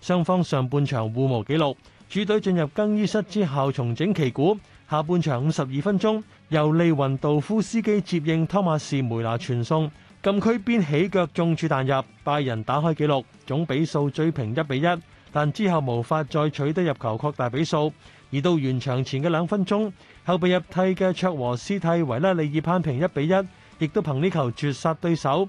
雙方上半場互無紀錄，主隊進入更衣室之後重整旗鼓。下半場五十二分鐘，由利雲道夫斯基接應湯馬士梅拿傳送，禁區邊起腳中柱彈入，拜仁打開紀錄，總比數追平一比一。但之後無法再取得入球擴大比數，而到完場前嘅兩分鐘，後備入替嘅卓和斯替維拉利爾攀平一比一，亦都憑呢球絕殺對手。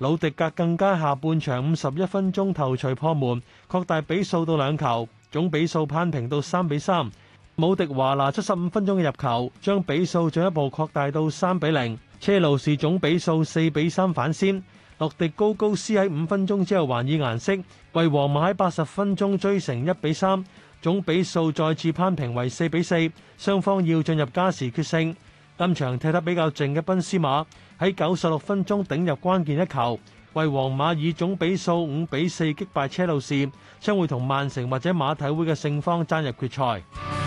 魯迪格更加下半場五十一分鐘頭槌破門，擴大比數到兩球，總比數攀平到三比三。武迪華拿七十五分鐘嘅入球，將比數進一步擴大到三比零。車路士總比數四比三反先。洛迪高高斯喺五分鐘之後還以顏色，為皇馬喺八十分鐘追成一比三，總比數再次攀平為四比四，雙方要進入加時決勝。今場踢得比較靜嘅賓斯馬喺九十六分鐘頂入關鍵一球，為皇馬以總比數五比四擊敗車路士，將會同曼城或者馬體會嘅勝方爭入決賽。